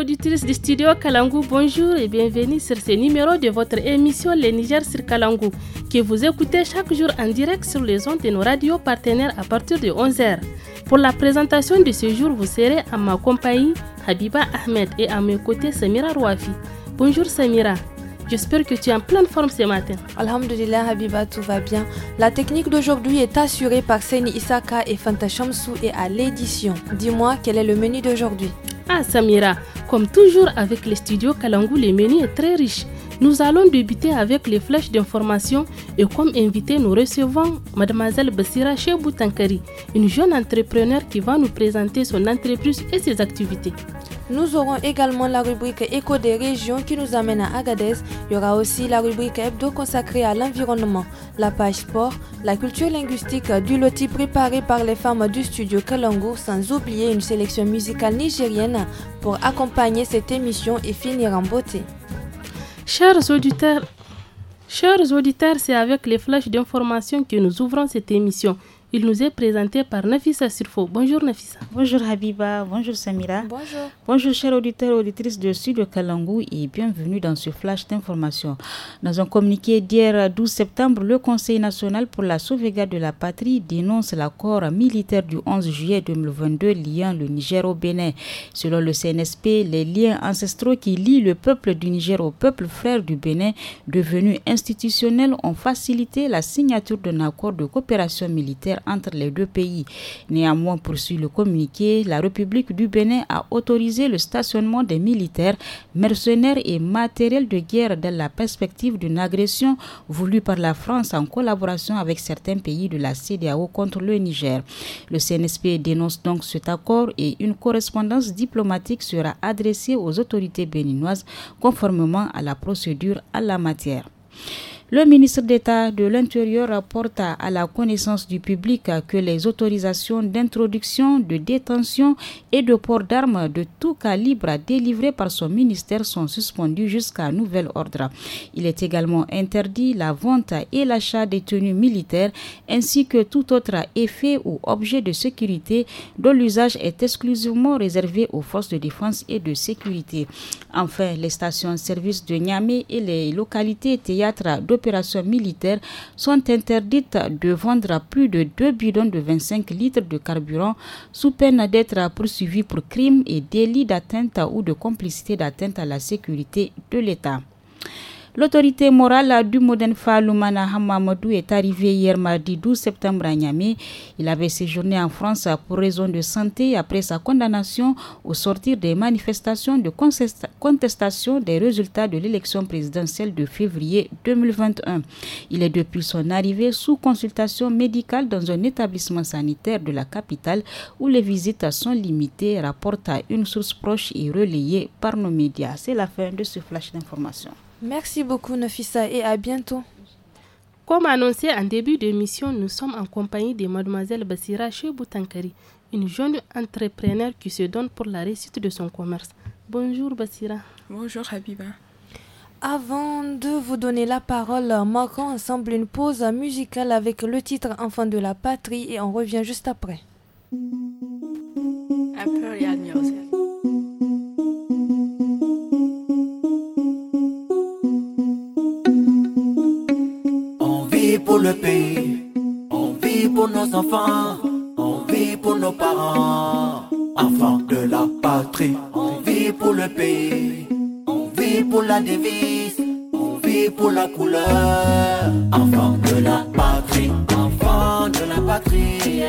auditrices du studio Kalangu, bonjour et bienvenue sur ce numéro de votre émission Les Niger sur Kalangu, que vous écoutez chaque jour en direct sur les ondes de nos radios partenaires à partir de 11h. Pour la présentation de ce jour, vous serez à ma compagnie Habiba Ahmed et à mes côtés Samira Rouafi. Bonjour Samira. J'espère que tu es en pleine forme ce matin. Alhamdulillah, Habiba, tout va bien. La technique d'aujourd'hui est assurée par Seni Isaka et Fanta Shamsou et à l'édition. Dis-moi, quel est le menu d'aujourd'hui ah Samira, comme toujours avec les studios Kalangou, le menu est très riche. Nous allons débuter avec les flèches d'information et comme invité, nous recevons Mademoiselle Bassira Cheboutankari, une jeune entrepreneur qui va nous présenter son entreprise et ses activités. Nous aurons également la rubrique Écho des régions qui nous amène à Agadez. Il y aura aussi la rubrique Hebdo consacrée à l'environnement, la page sport, la culture linguistique du loti préparé par les femmes du studio Kalango, sans oublier une sélection musicale nigérienne pour accompagner cette émission et finir en beauté. Chers auditeurs, Chers auditeurs, c'est avec les flèches d'information que nous ouvrons cette émission. Il nous est présenté par Nafisa Sirfo. Bonjour Nafisa. Bonjour Habiba, bonjour Samira. Bonjour. Bonjour chers auditeurs et auditrices de Sud Kalangou et bienvenue dans ce flash d'information. Dans un communiqué d'hier 12 septembre, le Conseil national pour la sauvegarde de la patrie dénonce l'accord militaire du 11 juillet 2022 liant le Niger au Bénin. Selon le CNSP, les liens ancestraux qui lient le peuple du Niger au peuple frère du Bénin, devenus institutionnels ont facilité la signature d'un accord de coopération militaire entre les deux pays. Néanmoins, poursuit le communiqué, la République du Bénin a autorisé le stationnement des militaires, mercenaires et matériels de guerre dans la perspective d'une agression voulue par la France en collaboration avec certains pays de la CDAO contre le Niger. Le CNSP dénonce donc cet accord et une correspondance diplomatique sera adressée aux autorités béninoises conformément à la procédure à la matière. Le ministre d'État de l'Intérieur rapporte à la connaissance du public que les autorisations d'introduction, de détention et de port d'armes de tout calibre délivrées par son ministère sont suspendues jusqu'à nouvel ordre. Il est également interdit la vente et l'achat des tenues militaires ainsi que tout autre effet ou objet de sécurité dont l'usage est exclusivement réservé aux forces de défense et de sécurité. Enfin, les stations-service de Niamey et les localités théâtres de opérations militaires sont interdites de vendre plus de 2 bidons de 25 litres de carburant sous peine d'être poursuivis pour crimes et délits d'atteinte ou de complicité d'atteinte à la sécurité de l'État. L'autorité morale du Modène Faloumana Hamamadou est arrivée hier mardi 12 septembre à Niamey. Il avait séjourné en France pour raison de santé après sa condamnation au sortir des manifestations de contestation des résultats de l'élection présidentielle de février 2021. Il est depuis son arrivée sous consultation médicale dans un établissement sanitaire de la capitale où les visites sont limitées, rapporte à une source proche et relayée par nos médias. C'est la fin de ce flash d'information. Merci beaucoup Nafissa et à bientôt. Comme annoncé en début d'émission, nous sommes en compagnie de mademoiselle Basira Cheboutankari, une jeune entrepreneur qui se donne pour la réussite de son commerce. Bonjour Basira. Bonjour Habiba. Avant de vous donner la parole, marquons ensemble une pause musicale avec le titre Enfant de la patrie et on revient juste après. le pays, on vit pour nos enfants, on vit pour nos parents. Enfants de la patrie, on vit pour le pays, on vit pour la devise, on vit pour la couleur. Enfants de la patrie, enfants de la patrie.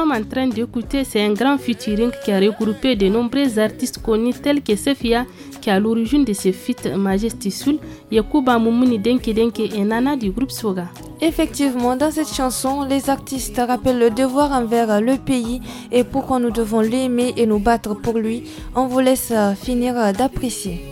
en train d'écouter, c'est un grand featuring qui a regroupé de nombreux artistes connus tels que Sefia, qui a à l'origine de ce feat Majesty Soul, Yakuba Moumouni Denke Denke et Nana du groupe Soga. Effectivement, dans cette chanson, les artistes rappellent le devoir envers le pays et pourquoi nous devons l'aimer et nous battre pour lui. On vous laisse finir d'apprécier.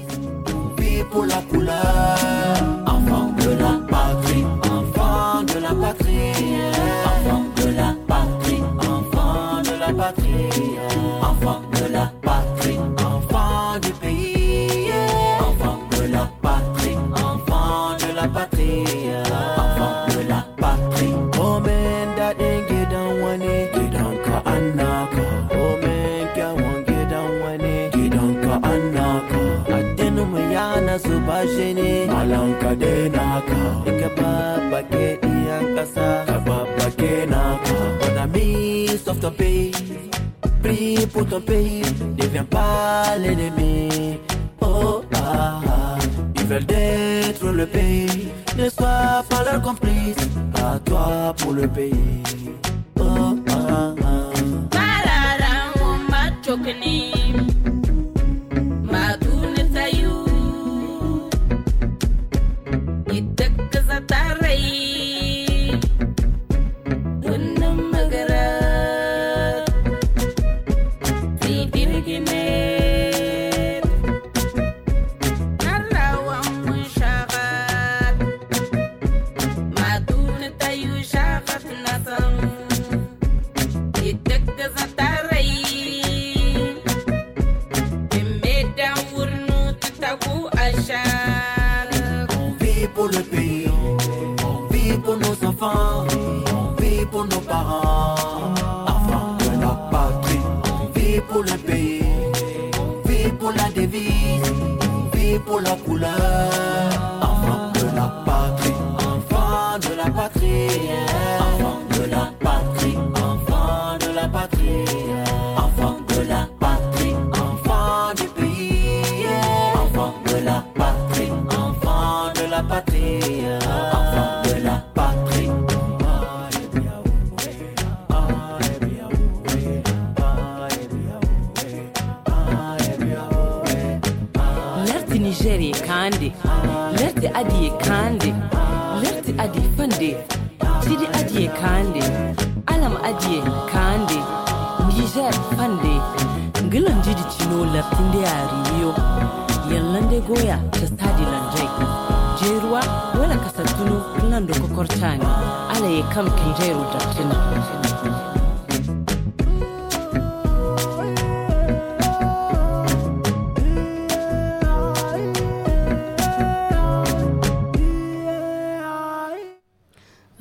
pays, prie pour ton pays, ne viens pas l'ennemi. Oh ah, ah. ils veulent détruire le pays, ne sois pas leur complice, à toi pour le pays. Oh ah, ah.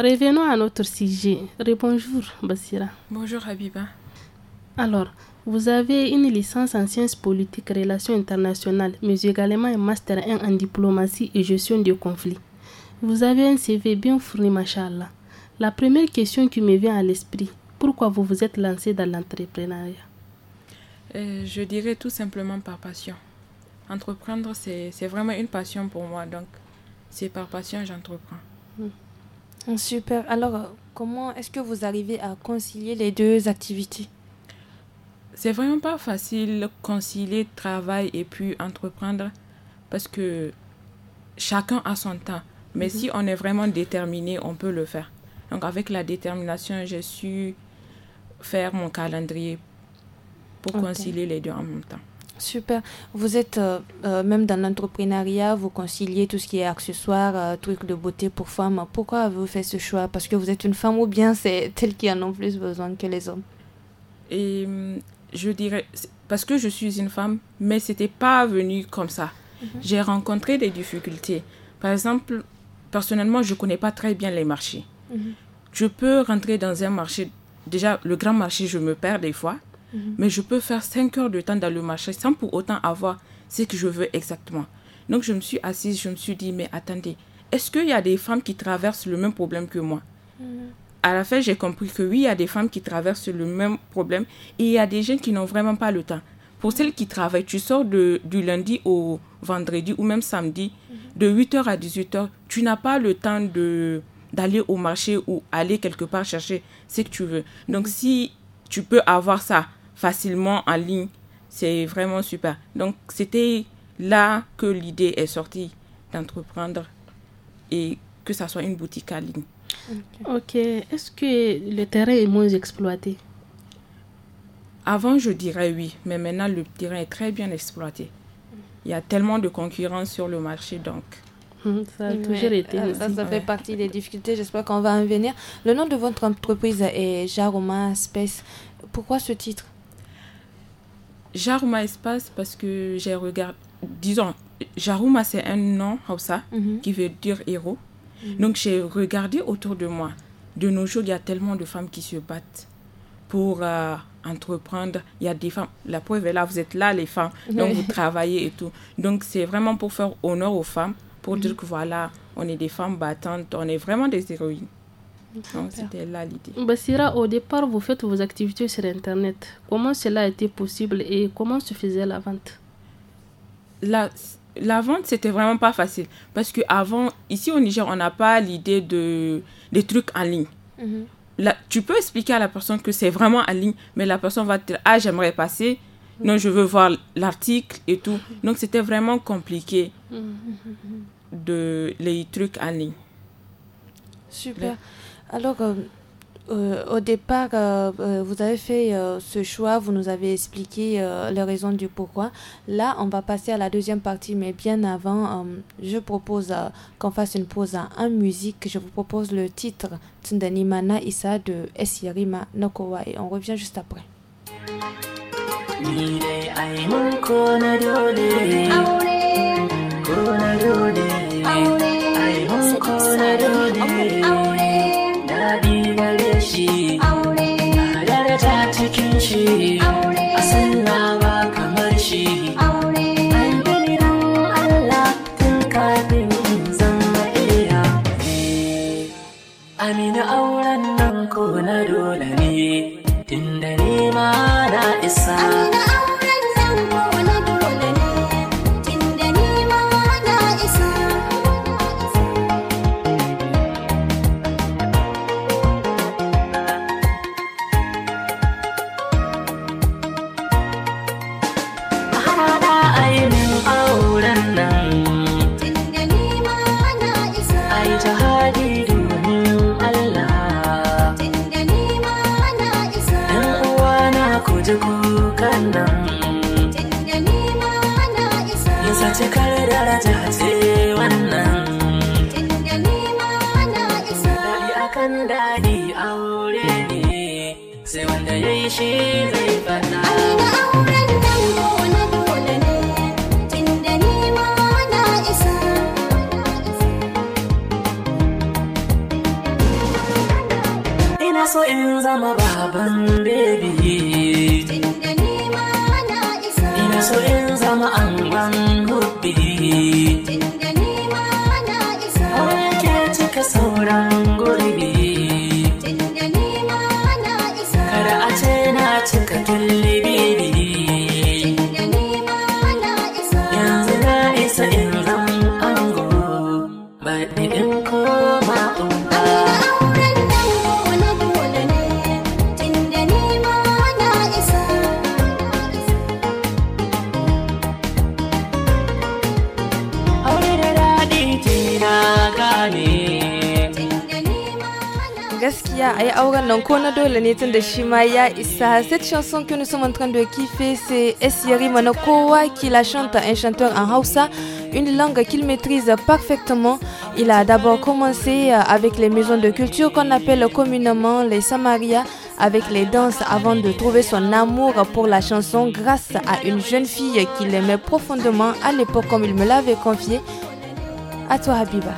Revenons à notre sujet. Rebonjour, Basira. Bonjour, Habiba. Alors, vous avez une licence en sciences politiques, relations internationales, mais également un master 1 en diplomatie et gestion du conflits. Vous avez un CV bien fourni, machallah. La première question qui me vient à l'esprit, pourquoi vous vous êtes lancé dans l'entrepreneuriat euh, Je dirais tout simplement par passion. Entreprendre, c'est vraiment une passion pour moi, donc c'est par passion que j'entreprends. Hmm. Mm, super. Alors, euh, comment est-ce que vous arrivez à concilier les deux activités C'est vraiment pas facile concilier travail et puis entreprendre parce que chacun a son temps. Mais mm-hmm. si on est vraiment déterminé, on peut le faire. Donc avec la détermination, j'ai su faire mon calendrier pour concilier les deux en même temps. Super. Vous êtes euh, euh, même dans l'entrepreneuriat, vous conciliez tout ce qui est accessoire, euh, trucs de beauté pour femmes. Pourquoi avez-vous fait ce choix Parce que vous êtes une femme ou bien c'est elle qui en a plus besoin que les hommes Et hum, je dirais parce que je suis une femme, mais c'était pas venu comme ça. Mhm. J'ai rencontré des difficultés. Par exemple, personnellement, je connais pas très bien les marchés. Mhm. Je peux rentrer dans un marché déjà le grand marché, je me perds des fois Mhm. Mais je peux faire 5 heures de temps dans le marché sans pour autant avoir ce que je veux exactement. Donc je me suis assise, je me suis dit, mais attendez, est-ce qu'il y a des femmes qui traversent le même problème que moi mhm. À la fin, j'ai compris que oui, il y a des femmes qui traversent le même problème et il y a des gens qui n'ont vraiment pas le temps. Pour celles qui travaillent, tu sors de, du lundi au vendredi ou même samedi, mhm. de 8h à 18h, tu n'as pas le temps de d'aller au marché ou aller quelque part chercher ce que tu veux. Donc si tu peux avoir ça facilement en ligne. C'est vraiment super. Donc, c'était là que l'idée est sortie d'entreprendre et que ça soit une boutique en ligne. Ok. Est-ce que le terrain est moins exploité Avant, je dirais oui, mais maintenant, le terrain est très bien exploité. Il y a tellement de concurrence sur le marché, donc. Hum, ça a toujours été. Euh, ça, fait partie des difficultés. J'espère qu'on va en venir. Le nom de votre entreprise est Jaroma Space. Pourquoi ce titre Jaruma Espace parce que j'ai regardé. Disons, Jaruma, c'est un nom comme ça, mhm. qui veut dire héros. Mhm. Donc, j'ai regardé autour de moi. De nos jours, il y a tellement de femmes qui se battent pour euh, entreprendre. Il y a des femmes. La preuve est là, vous êtes là, les femmes. Donc, vous travaillez et tout. Donc, c'est vraiment pour faire honneur aux femmes, pour mhm. dire que voilà, on est des femmes battantes, on est vraiment des héroïnes. Donc c'était là l'idée. Basira, au départ, vous faites vos activités sur Internet. Comment cela a été possible et comment se faisait la vente La, la vente, c'était vraiment pas facile. Parce qu'avant, ici au Niger, on n'a pas l'idée de, des trucs en ligne. Mhm. Là, tu peux expliquer à la personne que c'est vraiment en ligne, mais la personne va dire Ah, j'aimerais passer. Mhm. Non, je veux voir l'article et tout. Mhm. Donc c'était vraiment compliqué de les trucs en ligne. Super. Alors, euh, euh, au départ, euh, vous avez fait ce choix, vous nous avez expliqué les raisons du pourquoi. Là, on va passer à la deuxième partie, mais bien avant, je propose qu'on fasse une pause en musique. Je vous propose le titre Mana Issa de Esirima Nokowa et on revient juste après. shi a sallah kamar shi albiran Allah tun kafin zama iya amina auren nan ko na dole ne tun da ma na isa Ya, dole cette chanson que nous sommes en train de kiffer c'est Esyari Manokowa qui la chante un chanteur en Hausa une langue qu'il maîtrise parfaitement il a d'abord commencé euh, avec les maisons de culture qu'on appelle communément les Samaria avec les danses avant de trouver son amour pour la chanson grâce à une jeune fille qu'il aimait profondément à l'époque comme il me l'avait confié à toi Habiba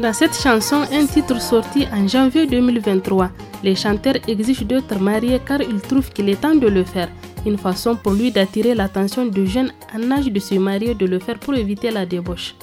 dans cette chanson, un titre sorti en janvier 2023, les chanteurs exigent d'être mariés car ils trouvent qu'il est temps de le faire. Une façon pour lui d'attirer l'attention de jeunes en âge de se marier de le faire pour éviter la débauche.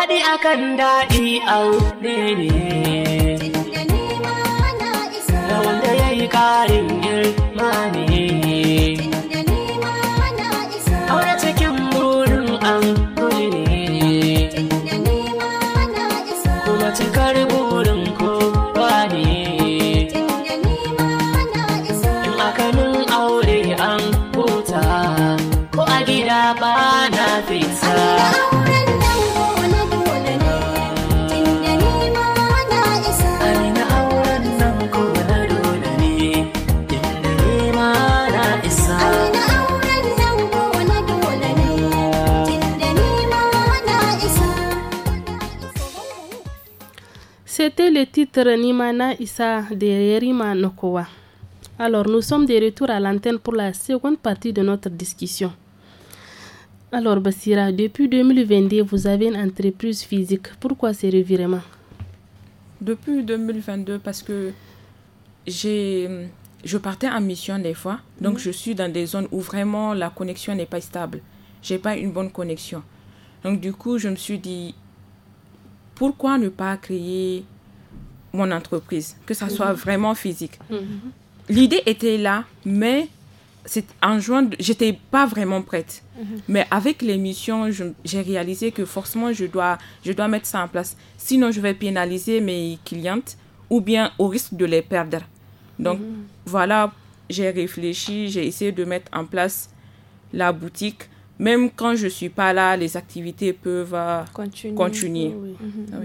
daɗi akan daɗi aure ne. Tunda ni ma na isa. Da wanda ya yi ƙarin le titre Nimana Issa de Rima Nokowa. Alors, nous sommes de retour à l'antenne pour la seconde partie de notre discussion. Alors, Basira, depuis 2022, vous avez une entreprise physique. Pourquoi ces revirements Depuis 2022, parce que j'ai, je partais en mission des fois. Donc, mm. je suis dans des zones où vraiment la connexion n'est pas stable. Je n'ai pas une bonne connexion. Donc, du coup, je me suis dit, pourquoi ne pas créer mon entreprise, que ça mhm. soit vraiment physique. Mhm. L'idée était là, mais c'est en juin, j'étais pas vraiment prête. Mhm. Mais avec l'émission, j'ai réalisé que forcément, je dois, je dois mettre ça en place. Sinon, je vais pénaliser mes clientes ou bien au risque de les perdre. Donc, voilà, j'ai réfléchi, j'ai essayé de mettre en place la boutique. Même quand je suis pas là, les activités peuvent euh, continuer. Ah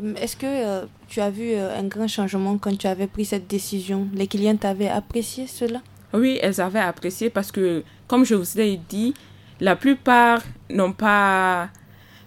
euh, est-ce que euh, tu as vu euh, un grand changement quand tu avais pris cette décision Les clients t'avaient apprécié cela Oui, elles avaient apprécié parce que, comme je vous l'ai dit, la plupart n'ont pas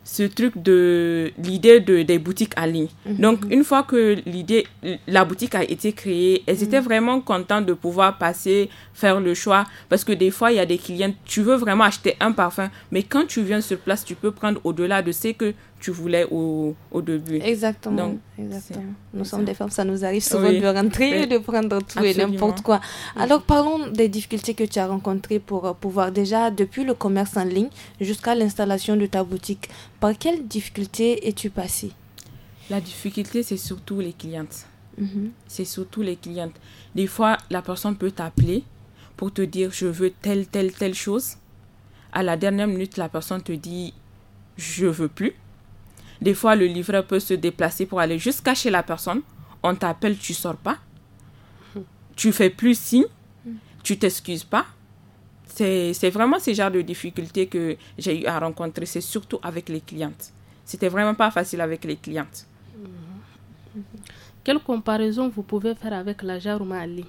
ce truc de l'idée de, des boutiques en ligne. Mhm. Donc, une fois que l'idée, la boutique a été créée, elles mhm. étaient vraiment contentes de pouvoir passer, faire le choix. Parce que des fois, il y a des clients, tu veux vraiment acheter un parfum, mais quand tu viens sur place, tu peux prendre au-delà de ce que tu voulais au, au début. Exactement. exactement. Nous sommes des femmes, ça nous arrive souvent de rentrer et de prendre tout et n'importe quoi. Alors parlons des difficultés que tu as rencontrées pour euh, pouvoir déjà, depuis le commerce en ligne jusqu'à l'installation de ta boutique, par quelles difficultés es-tu passée La difficulté, c'est surtout les clientes. Mhm. C'est surtout les clientes. Des fois, la personne peut t'appeler pour te dire je veux telle, telle, telle chose. À la dernière minute, la personne te dit je veux plus. Des fois, le livreur peut se déplacer pour aller jusqu'à chez la personne. On t'appelle, tu sors pas. Tu fais plus signe. Tu t'excuses pas. C'est vraiment ce genre de difficultés que j'ai eu à rencontrer. C'est surtout avec les clientes. C'était vraiment pas facile avec les clientes. Quelle comparaison vous pouvez faire avec la jarre Ali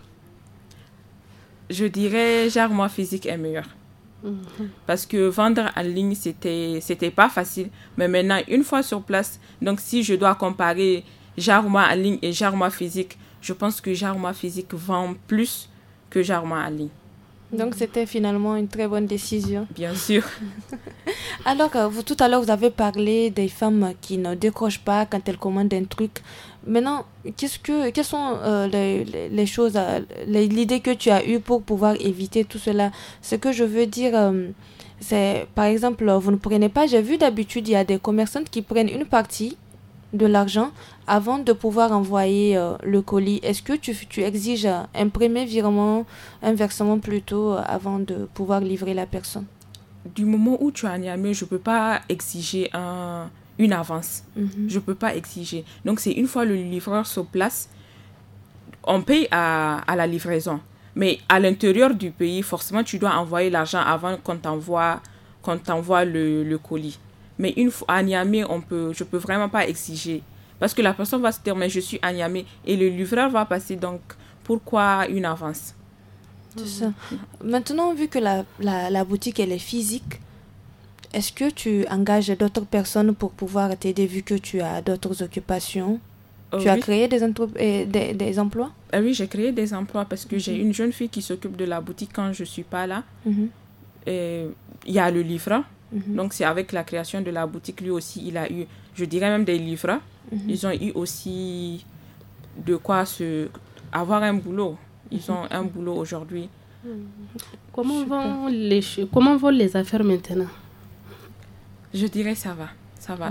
Je dirais jarma physique est meilleure. Parce que vendre en ligne, c'était, c'était pas facile. Mais maintenant, une fois sur place, donc si je dois comparer Jarma en ligne et Jarma physique, je pense que Jarma physique vend plus que Jarma en ligne. Donc c'était finalement une très bonne décision. Bien sûr. Alors, euh, vous, tout à l'heure, vous avez parlé des femmes qui ne décrochent pas quand elles commandent un truc. Maintenant, qu'est-ce que, quelles sont euh, les, les, choses, l'idée que tu as eue pour pouvoir éviter tout cela Ce que je veux dire, euh, c'est par exemple, vous ne prenez pas, j'ai vu d'habitude, il y a des commerçants qui prennent une partie de l'argent avant de pouvoir envoyer euh, le colis. Est-ce que tu, tu exiges un premier virement, un versement plutôt, avant de pouvoir livrer la personne Du moment où tu as un je ne peux pas exiger un une avance. Mhm. Je peux pas exiger. Donc, c'est une fois le livreur sur place, on paye à, la livraison. Mais à l'intérieur du pays, forcément, tu dois envoyer l'argent avant qu'on t'envoie, quand le, le, colis. Mais une fois à Niamey, on peut, je peux vraiment pas exiger. Parce que la personne va se dire, je suis à Niamey. Et le livreur va passer, donc pourquoi une avance ça. Maintenant, vu que la boutique, elle est physique, est-ce que tu engages d'autres personnes pour pouvoir t'aider vu que tu as d'autres occupations euh, Tu as créé des, euh, emplois euh, Oui, j'ai créé des emplois parce que j'ai mhm. une jeune fille qui s'occupe de la boutique quand je ne suis pas là. Mhm. il y a le livre. Mhm. Donc, c'est avec la création de la boutique, lui aussi, il a eu, je dirais même des livres. Ils ont eu aussi de quoi se, avoir un boulot. Ils ont un boulot aujourd'hui. Comment, vont les, comment vont les affaires maintenant je dirais ça va. Ça va,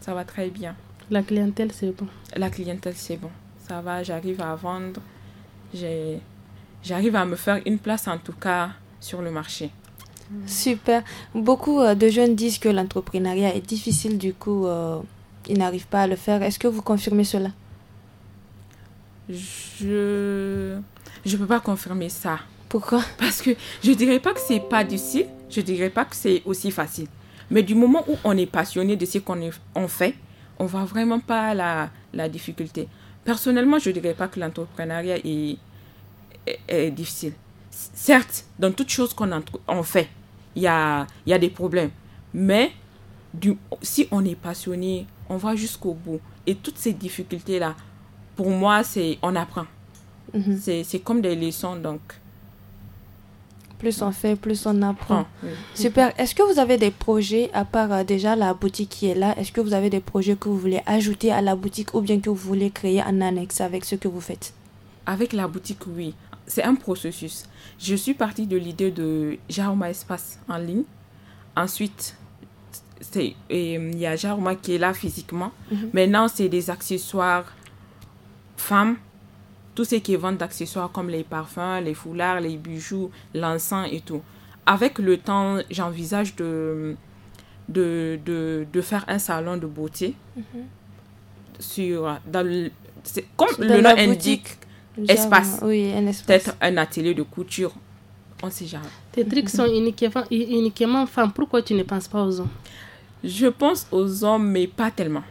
Ça va très bien. La clientèle, c'est bon. La clientèle, c'est bon. Ça va, j'arrive à vendre. J'arrive à me faire une place, en tout cas, sur le marché. Super. Beaucoup euh, de jeunes disent que l'entrepreneuriat est difficile, du coup, euh, ils n'arrivent pas à le faire. Est-ce que vous confirmez cela Je je peux pas confirmer ça. Pourquoi Parce que je dirais pas que c'est pas difficile, je dirais pas que c'est aussi facile. Mais du moment où on est passionné de ce qu'on fait, on voit vraiment pas la, difficulté. Personnellement, je ne dirais pas que l'entrepreneuriat est, difficile. Certes, dans toutes choses qu'on fait, il y a, a des problèmes. Mais du, si on est passionné, on va jusqu'au bout. Et toutes ces difficultés-là, pour moi, c'est on apprend. Mhm. C'est comme des leçons. Donc, plus on fait, plus on apprend. Ah, Super. Est-ce que vous avez des projets, à part euh, déjà la boutique qui est là, est-ce que vous avez des projets que vous voulez ajouter à la boutique ou bien que vous voulez créer en annexe avec ce que vous faites Avec la boutique, oui. C'est un processus. Je suis partie de l'idée de Jaroma Espace en ligne. Ensuite, euh, il y a Jaroma qui est là physiquement. Mhm. Maintenant, c'est des accessoires femmes tout ce qui est d'accessoires comme les parfums, les foulards, les bijoux, l'encens et tout. Avec le temps, j'envisage de, de, faire un salon de beauté. Mhm. sur, comme le nom indique, espace. Oui, un espace. Peut-être un atelier de couture. On sait jamais. Tes trucs sont uniquement, uniquement femmes. Pourquoi tu ne penses pas aux hommes Je pense aux hommes, mais pas tellement.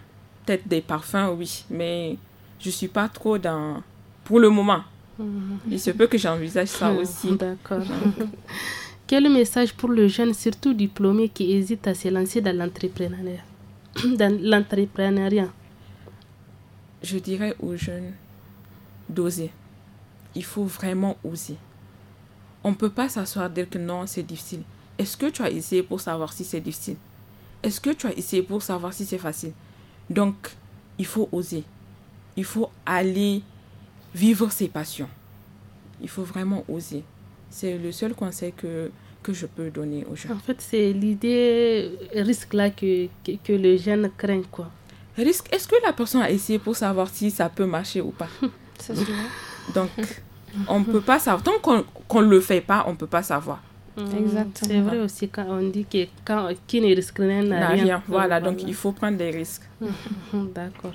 Peut-être des parfums, oui. Mais je ne suis pas trop dans pour le moment. Mhm. Il se peut que j'envisage ça ah, aussi. D'accord. Quel message pour le jeune, surtout diplômé, qui hésite à se lancer dans l'entrepreneuriat Dans l'entrepreneuriat Je dirais aux jeunes d'oser. Il faut vraiment oser. On ne peut pas s'asseoir dire que non, c'est difficile. Est-ce que tu as essayé pour savoir si c'est difficile Est-ce que tu as essayé pour savoir si c'est facile Donc, il faut oser. Il faut aller vivre ses passions. Il faut vraiment oser. C'est le seul conseil que, que je peux donner aux gens. En fait, c'est l'idée risque-là que, que, que, le jeune craint. quoi. Risque, est-ce que la personne a essayé pour savoir si ça peut marcher ou pas Donc, on peut pas savoir. Tant qu'on ne le fait pas, on peut pas savoir. Mmh, Exactement. C'est vrai aussi quand on dit que quand, qui ne risque rien n'a rien. Voilà, donc il faut prendre des risques. D'accord.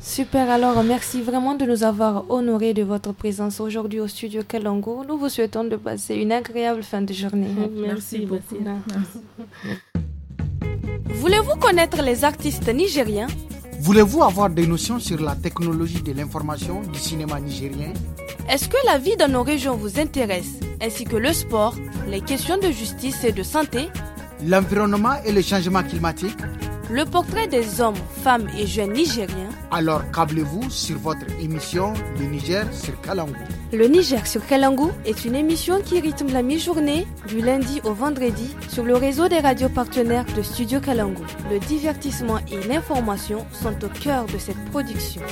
Super, alors merci vraiment de nous avoir honorés de votre présence aujourd'hui au studio Kalango. Nous vous souhaitons de passer une agréable fin de journée. Merci, merci beaucoup. Voulez-vous connaître les artistes nigériens Voulez-vous avoir des notions sur la technologie de l'information du cinéma nigérien Est-ce que la vie dans nos régions vous intéresse, ainsi que le sport, les questions de justice et de santé L'environnement et le changement climatique le portrait des hommes, femmes et jeunes nigériens. Alors câblez-vous sur votre émission Le Niger sur Kalangou. Le Niger sur Kalangou est une émission qui rythme la mi-journée du lundi au vendredi sur le réseau des radios partenaires de Studio Kalangou. Le divertissement et l'information sont au cœur de cette production.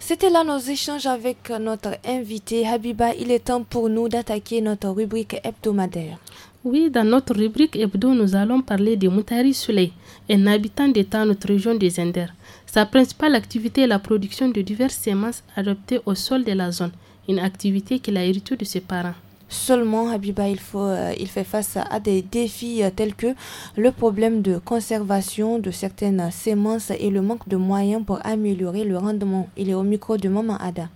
C'était là nos échanges avec notre invité Habiba. Il est temps pour nous d'attaquer notre rubrique hebdomadaire. Oui, dans notre rubrique hebdo, nous allons parler de Moutari soleil un habitant d'État notre région des Zender. Sa principale activité est la production de diverses semences adoptées au sol de la zone, une activité qu'il a héritée de ses parents. Seulement, Habiba, il, faut, euh, il fait face à des défis euh, tels que le problème de conservation de certaines semences et le manque de moyens pour améliorer le rendement. Il est au micro de Maman Ada.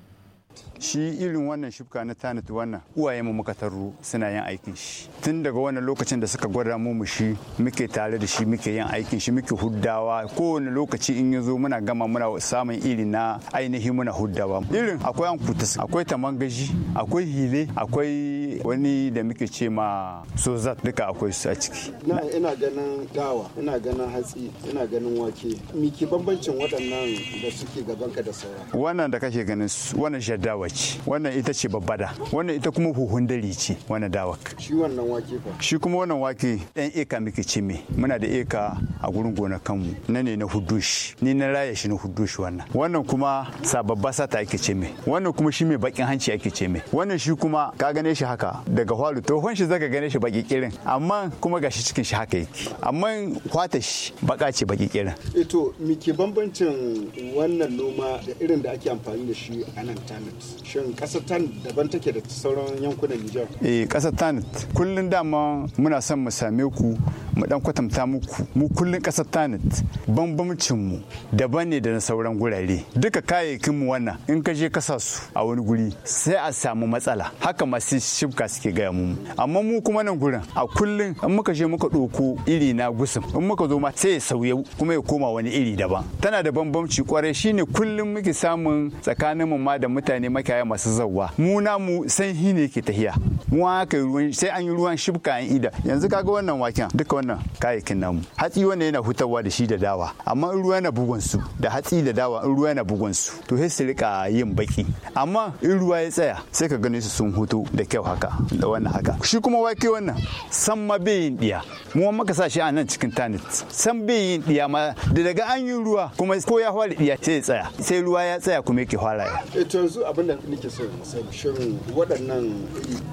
shi irin wannan shifka na tanit wannan uwaye mu muka tarro suna yin aikin shi tun daga wannan lokacin da suka gwada mu shi muke tare da shi muke yin aikin shi muke huddawa kowane lokaci in yazo muna gama muna samun iri na ainihi muna huddawa irin akwai ankutas akwai tamangaji akwai hile akwai wani da muke ce ma sozat duka akwai su a ciki na ina ganin dawa ina ganin hatsi ina ganin wake miki bambancin waɗannan da suke gaban ka da saura wannan da kake ganin wannan shaddawa ce wannan ita ce babbada wannan ita kuma huhun dari ce wannan dawak shi wannan wake fa shi kuma wannan wake dan eka muke ce me muna da eka a gurin gona kanmu. na ne na hudush ni na raya shi na hudush wannan wannan kuma sababbasa ta ake ce me wannan kuma shi mai bakin hanci ake ce me wannan shi kuma ka gane shi haka haka daga hwalu tohon shi zaka gane shi baki kirin amma kuma gashi cikin shi haka yake amma kwata shi baka ce baki kirin eto eh miki bambancin wannan noma da irin da ake amfani da shi a nan tanit shin kasar tanit daban take da sauran yankunan Nijar eh kasar tanit kullun dama muna son mu same ku mu dan kwatanta muku mu kullun kasar tanit bambancin mu daban ne da na sauran gurare duka kayayyakin mu wannan in ka je kasa su a wani guri sai a samu matsala haka masu shi. shuka suke gaya mu amma mu kuma nan gurin a kullun in muka je muka ɗauko iri na gusum in muka zo ma sai ya sauya kuma ya koma wani iri daban tana da bambamci kwarai shine kullun muke samun tsakanin mu ma da mutane makiyaya masu zawwa mu namu san hi ne ke tahiya mu haka ruwan sai an yi ruwan shibka an ida yanzu kaga wannan waken duka wannan kayakin namu hatsi wanda yana hutawa da shi da dawa amma in ruwa na bugun su da hatsi da dawa in ruwa na bugun su to sai su rika yin baki amma in ruwa ya tsaya sai ka gane su sun hutu da kyau haka haka da wannan haka shi kuma wake wannan san ma bai yin diya mu maka sa shi a nan cikin tanit san bai yin diya ma da daga an yi ruwa kuma ko ya fara diya sai ya tsaya sai ruwa ya tsaya kuma yake fara ya eh, to yanzu abin da nake so shin waɗannan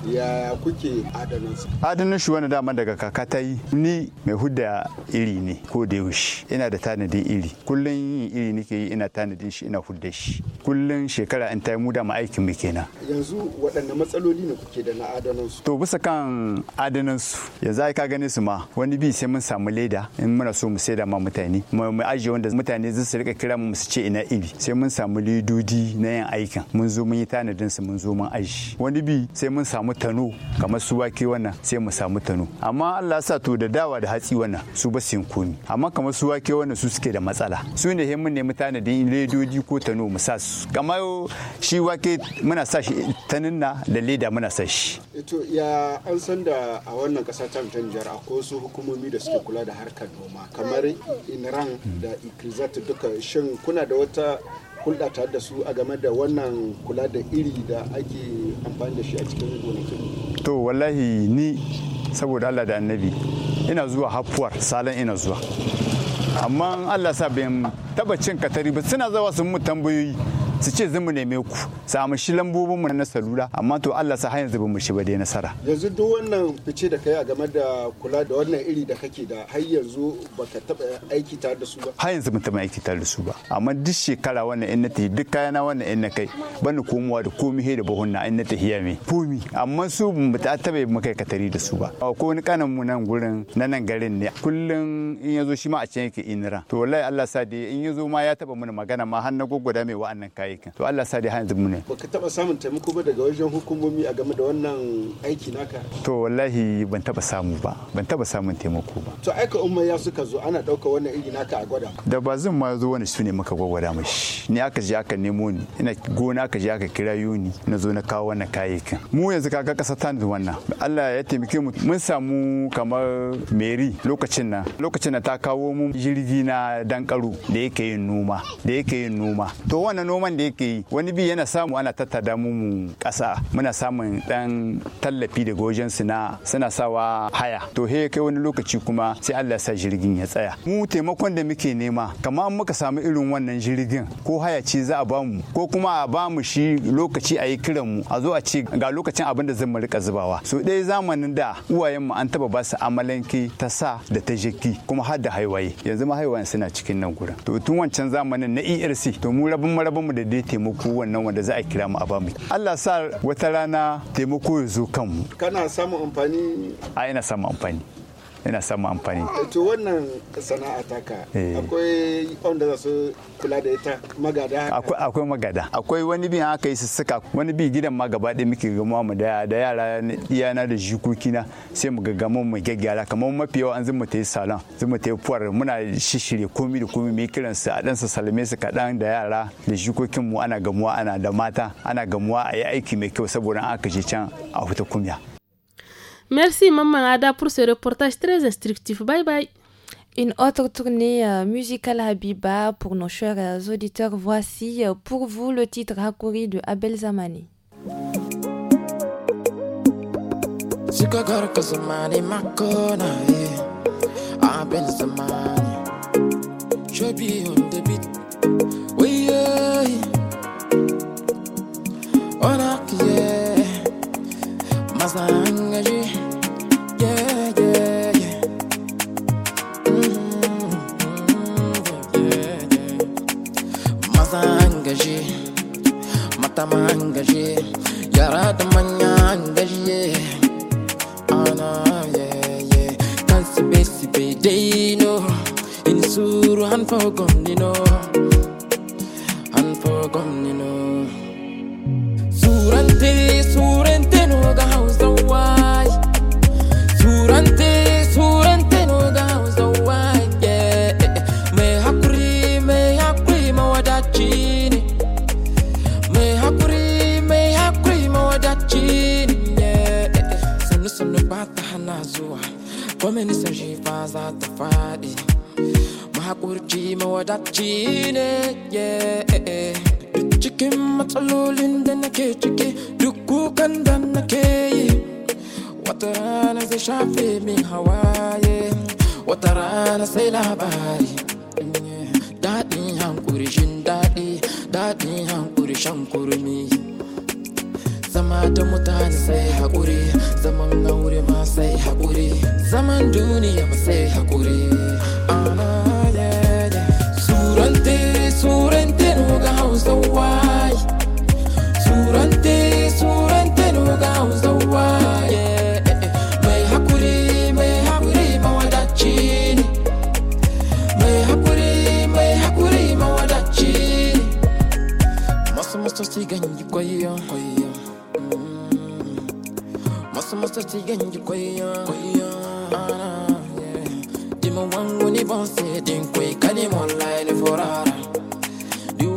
ya kuke adanin su adanin shi wannan dama daga kaka ta yi ni mai huda iri ne ko da yaushe ina da tanadin iri kullum yin iri nake yi ina tanadin shi ina huda shi kullum shekara in ta yi muda mu aikin mu kenan yanzu waɗanne matsaloli ne kuke da na adanansu to bisa kan adanansu yanzu ai ka gane su ma wani bi sai mun samu leda in muna so mu saida ma mutane mu ajiye wanda mutane zai su rika kira mu su ce ina iri. sai mun samu ledodi na yin aikin mun zo mun yi tanadin su mun zo mun aji wani bi sai mun samu tano kamar su wake wannan sai mu samu tano amma Allah sa to da dawa da hatsi wannan su ba su komi amma kamar su wake wannan su suke da matsala su ne mun ne mu tanadin ledodi ko tano mu sa su kamar shi wake muna sa shi nuna da leda muna sa shi eh, ya an san da a wannan kasa ta mutan jihar akwai wasu hukumomi da suke kula da harkar noma kamar inran da ikrizat duka shin kuna da wata hulɗa tare da su a game da wannan kula da iri da ake amfani da shi a cikin gonakin to wallahi ni saboda Allah da annabi ina zuwa hafuwar salon ina zuwa amma Allah sa bai taba cin katari ba suna zawa su mu tambayoyi su ce zan mu neme ku samu shi lambobin mu na salula amma to Allah sa yanzu ba mu shi ba dai nasara yanzu duk wannan fice da kai a game da kula da wannan iri da kake da har yanzu baka taba aiki tare da su ba har yanzu ban taba aiki tare da su ba amma duk shekara wannan in na tafi duk kayana wannan in na kai bani komowa da komi he da buhunna in na tafiya me komi amma su mu ta taba mu kai katari da su ba ko wani kanan mu nan gurin na nan garin ne kullun in yazo shi ma a can yake inira to wallahi Allah sa dai in yazo ma ya taba mana magana ma har na gogoda mai wa'annan kai aikin to Allah sa dai har yanzu mu ne ba ka taba samun taimako ba daga wajen hukumomi a game da wannan aiki naka to wallahi ban taba samu ba ban taba samun taimako ba to aika umma ya suka zo ana dauka wannan inji naka a gwada da ba zan ma zo wani su ne gwada gwagwada mashi ni aka je aka nemo ni ina gona aka je aka kira yuni na zo na kawo wannan kayayyakin mu yanzu kaga kasa ta wannan Allah ya taimake mu mun samu kamar meri lokacin nan lokacin nan ta kawo mu jirgi na dankaro da yake yin noma da yake yin noma to wannan noman da da yake wani bi yana samu ana tattada mu ƙasa muna samun ɗan tallafi daga wajen su na suna sawa haya to he kai wani lokaci kuma sai Allah sa jirgin ya tsaya mu taimakon da muke nema kamar muka samu irin wannan jirgin ko haya ce za a bamu ko kuma a bamu shi lokaci a yi kiran mu a zo a ce ga lokacin abin da zan mu rika zubawa so dai zamanin da uwayen mu an taba ba su amalanki ta sa da ta jiki kuma har da haiwaye yanzu ma haiwayen suna cikin nan gurin to tun wancan zamanin na ERC to mu rabin rabin mu da dai taimako wannan wanda za a kira mu a bamu Allah sa wata rana taimako ya zo kanmu kana samun amfani a ina samun amfani ina samun amfani to wannan sana'a taka eh. akwai wanda za su kula da ita magada akwai magada akwai wani bin haka yi sussuka wani bin gidan ma gaba ɗaya muke gama mu da da yara iyana da jikokina sai mu gagamu mu gyaggyara kamar mafi yawa an zuma ta yi salon zuma ta yi fuwar muna shishire komi da komi mai kiran su a dan su salame su kaɗan da yara da jikokin mu ana gamuwa ana da mata ana gamuwa a yi aiki mai kyau saboda an aka je can a huta kumya Merci Maman Ada pour ce reportage très instructif. Bye bye. Une autre tournée euh, musicale à Biba pour nos chers euh, auditeurs. Voici euh, pour vous le titre Hakuri de Abel Zamani.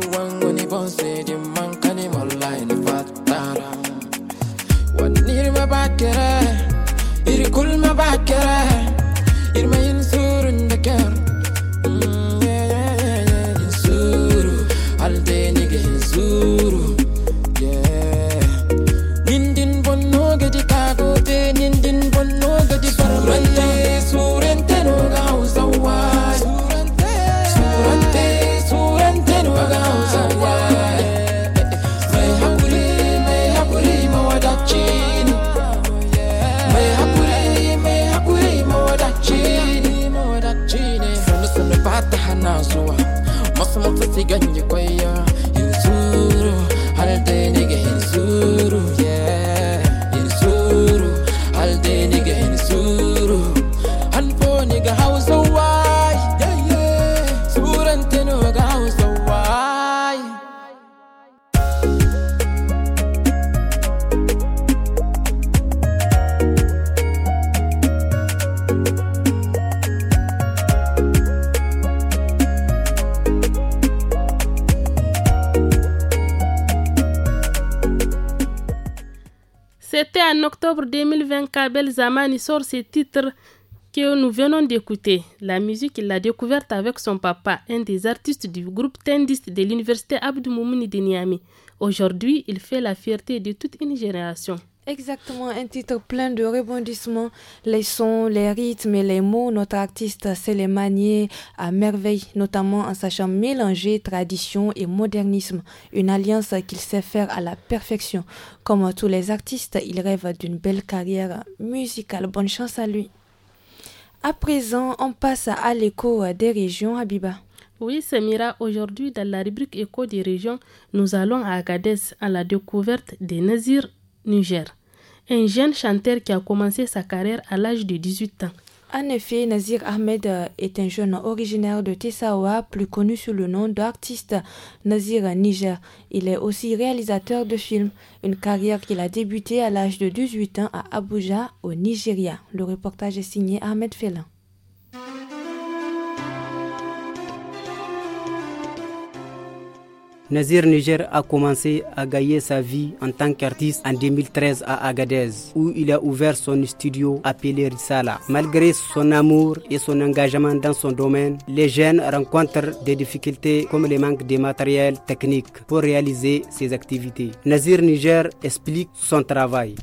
one when you born say the man can him online fatara ونير ما باكره يركل my باكره Zamani sort ses titres que nous venons d'écouter. La musique, il l'a découverte avec son papa, un des artistes du groupe Tendiste de l'université Abdou Moumouni de Niamey. Aujourd'hui, il fait la fierté de toute une génération. Exactement, un titre plein de rebondissements, les sons, les rythmes et les mots. Notre artiste sait les manier à merveille, notamment en sachant mélanger tradition et modernisme, une alliance qu'il sait faire à la perfection. Comme tous les artistes, il rêve d'une belle carrière musicale. Bonne chance à lui. À présent, on passe à l'écho des régions, Habiba. Oui, Samira, aujourd'hui dans la rubrique écho des régions, nous allons à Agadez à la découverte des Nazirs Niger un jeune chanteur qui a commencé sa carrière à l'âge de 18 ans. En effet, Nazir Ahmed euh, est un jeune originaire de Tessawa, plus connu sous le nom d'artiste Nazir Niger. Il est aussi réalisateur de films, une carrière qu'il a débutée à l'âge de 18 ans à Abuja, au Nigeria. Le reportage est signé Ahmed Félin. Nazir Niger a commencé à gagner sa vie en tant qu'artiste en 2013 à Agadez, où il a ouvert son studio appelé Rissala. Malgré son amour et son engagement dans son domaine, les jeunes rencontrent des difficultés comme le manque de matériel technique pour réaliser ses activités. Nazir Niger explique son travail.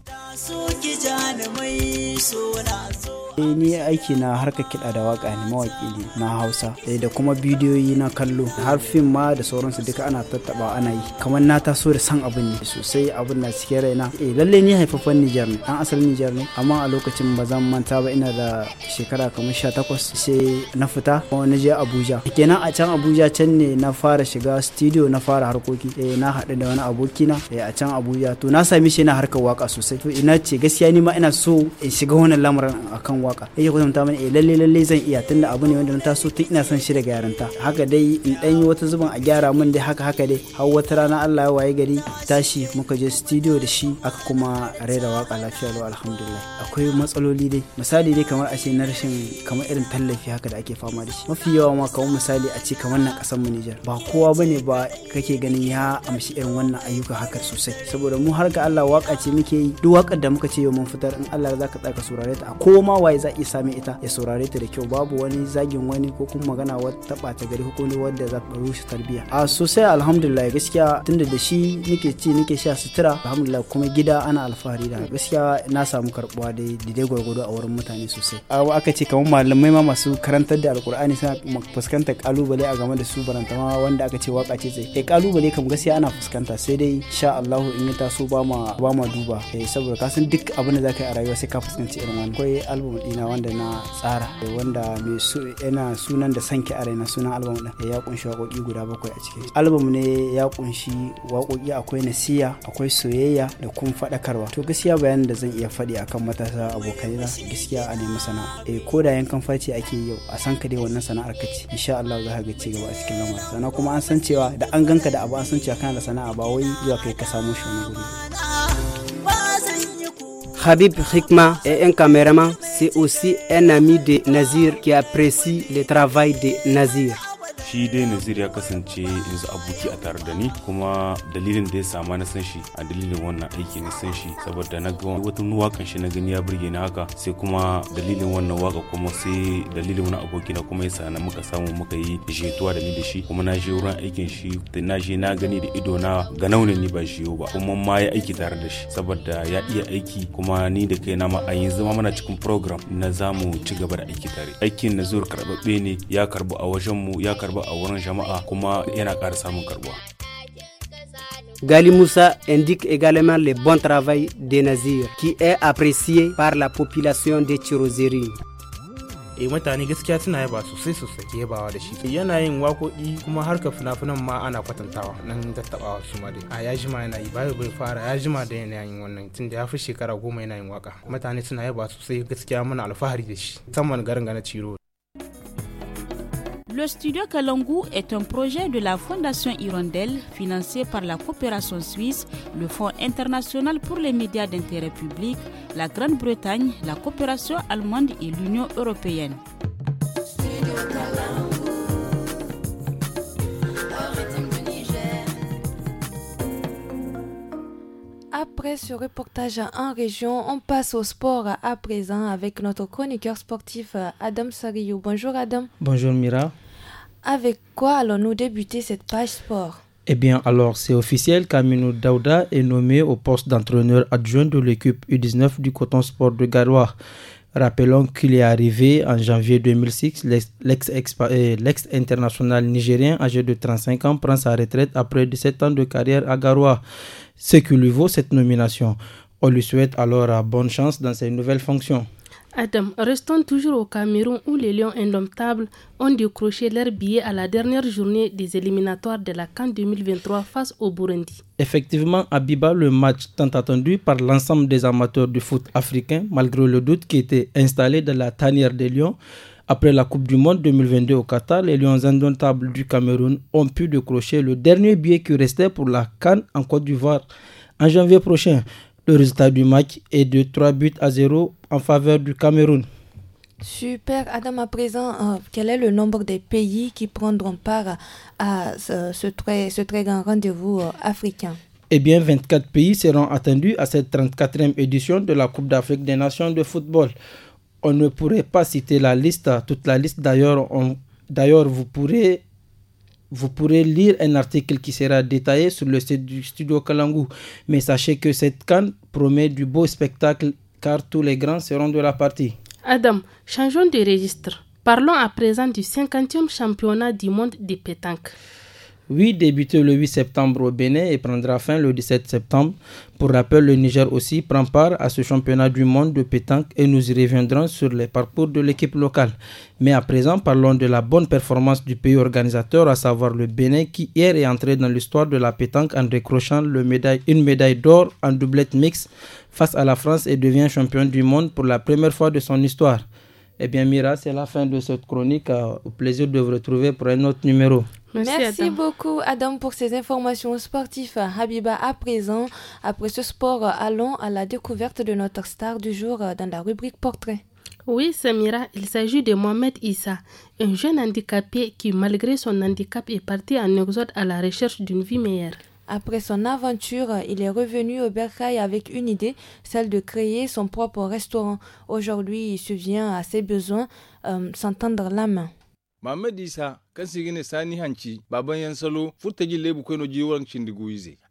eh ni aiki na harka kiɗa da waka ne mawaki ne na hausa eh da kuma bidiyoyi na kallo har fim ma da sauransu duka ana tattaɓa ana yi kamar na taso da san abin ne sosai abin na cikin raina eh lalle ni haifafan Nijar ne an asalin Nijar ne amma a lokacin ba zan manta ba ina da shekara kamar 18 sai na fita kuma na je Abuja kenan a can Abuja can ne na fara shiga studio na fara harkoki eh na haɗu da wani abokina eh a can Abuja to na sami shi na harkar waka sosai to ina ce gaskiya ni ma ina so in shiga wannan lamarin akan waka eh, yake kwatanta mana eh lalle lalle zan iya tunda abu ne wanda na taso tun ina son shi daga yarinta haka dai in dan yi wata zubin a gyara mun dai haka haka dai har wata rana Allah ya waye gari tashi muka je studio da shi aka kuma raira waka lafiya lau alhamdulillah akwai matsaloli dai misali dai kamar a ce na rashin kamar irin tallafi haka da ake fama da shi mafi yawa ma kamar misali a ce kamar na kasar mu Nijar ba kowa bane ba kake ganin ya amshi irin wannan ayyuka haka sosai saboda mu har ga Allah waka ce muke yi duk wakar da muka ce yau mun fitar in Allah za ka tsaka surare ta a ma kawai za iya sami ita ya saurare ta da kyau babu wani zagin wani ko kuma magana wata ta gari hukuni wadda za ta rushe tarbiyya a sosai alhamdulillah gaskiya tunda da shi nake ci nake sha sutura alhamdulillah kuma gida ana alfahari da gaskiya na samu karbuwa da dai gwargwado a wurin mutane sosai a aka ce kamar malamai ma masu karantar da alkur'ani suna fuskantar kalubale a game da su barantama wanda aka ce waka ce zai tsaye kalubale eh, kam gaskiya ana fuskanta sai dai sha Allahu in ya taso ba ma ba ma duba eh, saboda kasan duk abin da zaka yi a rayuwa sai ka fuskanci irin wannan akwai album ɗina wanda na tsara wanda mai yana sunan da sanki a raina sunan album ɗin ya kunshi waƙoƙi guda bakwai a ciki album ne ya kunshi waƙoƙi akwai nasiya akwai soyayya da kun faɗakarwa to gaskiya bayanan da zan iya faɗi akan matasa abokai na gaskiya a nemi sana'a eh ko da yankan face ake yau a san ka dai wannan sana'ar ka insha Allah za ka ga ci gaba a cikin lamarin sana'a kuma an san cewa da an ganka da abu an san cewa kana da sana'a ba wai zuwa kai ka samu shi wani guri Habib Rikma est un caméraman, c'est aussi un ami de Nazir qui apprécie le travail de Nazir. shi dai nazir ya kasance yanzu aboki a tare da ni kuma dalilin da ya sama na san shi a dalilin wannan aiki na san shi saboda na ga wata wakan shi na gani ya burge ni haka sai kuma dalilin wannan waka kuma sai dalilin wani aboki na kuma ya sana muka samu muka yi jetuwa da ni da shi kuma na je wurin aikin shi na je na gani da ido na ga naunin ni ba shi ba kuma ma ya aiki tare da shi saboda ya iya aiki kuma ni da kai na ma a yanzu ma muna cikin program na zamu ci gaba da aiki tare aikin nazur karɓaɓɓe ne ya karɓi a wajen mu ya karɓi a wurin jama'a kuma yana ƙara samun karbuwa. Gali Musa indique également le bon travail de Nazir, qui est apprécié par la population de Chirozérine. eh mutane gaskiya suna yaba sosai sosai ke yabawa da shi yana yin waƙoƙi kuma harka fina-finan ma ana kwatantawa nan tattabawa su ma dai a yajima yana yi bayo bai fara yajima da yana yin wannan tun da ya fi shekara goma yana yin waka mutane suna yaba sosai gaskiya muna alfahari da shi musamman garin gana ciro Le studio Kalangu est un projet de la Fondation Hirondelle financé par la coopération suisse, le Fonds international pour les médias d'intérêt public, la Grande-Bretagne, la coopération allemande et l'Union européenne. Après ce reportage en région, on passe au sport à présent avec notre chroniqueur sportif Adam Sariou. Bonjour Adam. Bonjour Mira. Avec quoi allons-nous débuter cette page sport eh bien, alors, c'est officiel, Camino Dauda est nommé au poste d'entraîneur adjoint de l'équipe U19 du Coton Sport de Garoua. Rappelons qu'il est arrivé en janvier 2006, l'ex-international euh, nigérien âgé de 35 ans prend sa retraite après 17 ans de carrière à Garoua, ce qui lui vaut cette nomination. On lui souhaite alors bonne chance dans ses nouvelles fonctions. Adam, restons toujours au Cameroun où les Lions indomptables ont décroché leur billet à la dernière journée des éliminatoires de la Cannes 2023 face au Burundi. Effectivement, à Biba, le match tant attendu par l'ensemble des amateurs du foot africain, malgré le doute qui était installé dans la tanière des Lions, après la Coupe du Monde 2022 au Qatar, les Lions indomptables du Cameroun ont pu décrocher le dernier billet qui restait pour la Cannes en Côte d'Ivoire en janvier prochain. Le résultat du match est de 3 buts à 0 en faveur du Cameroun. Super. Adam, à présent, euh, quel est le nombre des pays qui prendront part à ce, très, ce très grand rendez-vous euh, africain Eh bien, 24 pays seront attendus à cette 34e édition de la Coupe d'Afrique des Nations de football. On ne pourrait pas citer la liste, toute la liste. D'ailleurs, D'ailleurs, vous pourrez vous pourrez lire un article qui sera détaillé sur le site du studio Kalangu. Mais sachez que cette canne promet du beau spectacle car tous les grands seront de la partie. Adam, changeons de registre. Parlons à présent du 50e championnat du monde des pétanques. Oui, débuté le 8 septembre au Bénin et prendra fin le 17 septembre. Pour rappel, le Niger aussi prend part à ce championnat du monde de pétanque et nous y reviendrons sur les parcours de l'équipe locale. Mais à présent, parlons de la bonne performance du pays organisateur, à savoir le Bénin, qui hier est entré dans l'histoire de la pétanque en décrochant une médaille d'or en doublette mixte face à la France et devient champion du monde pour la première fois de son histoire. Eh bien, Mira, c'est la fin de cette chronique. Euh, au plaisir de vous retrouver pour un autre numéro. Merci, beaucoup Adam pour ces informations sportives. Habiba, à présent, après ce sport, allons à la découverte de notre star du jour euh, dans la rubrique portrait. Oui, Samira, il s'agit de Mohamed Issa, un jeune handicapé qui, malgré son handicap, est parti en exode à la recherche d'une vie meilleure. Après son aventure, il est revenu au Berkay avec une idée, celle de créer son propre restaurant. Aujourd'hui, il se vient à ses besoins, euh, s'entendre la main. Muhammad Isa kan ne sani hanci baban yan salo futta ji lebu kweno ji waran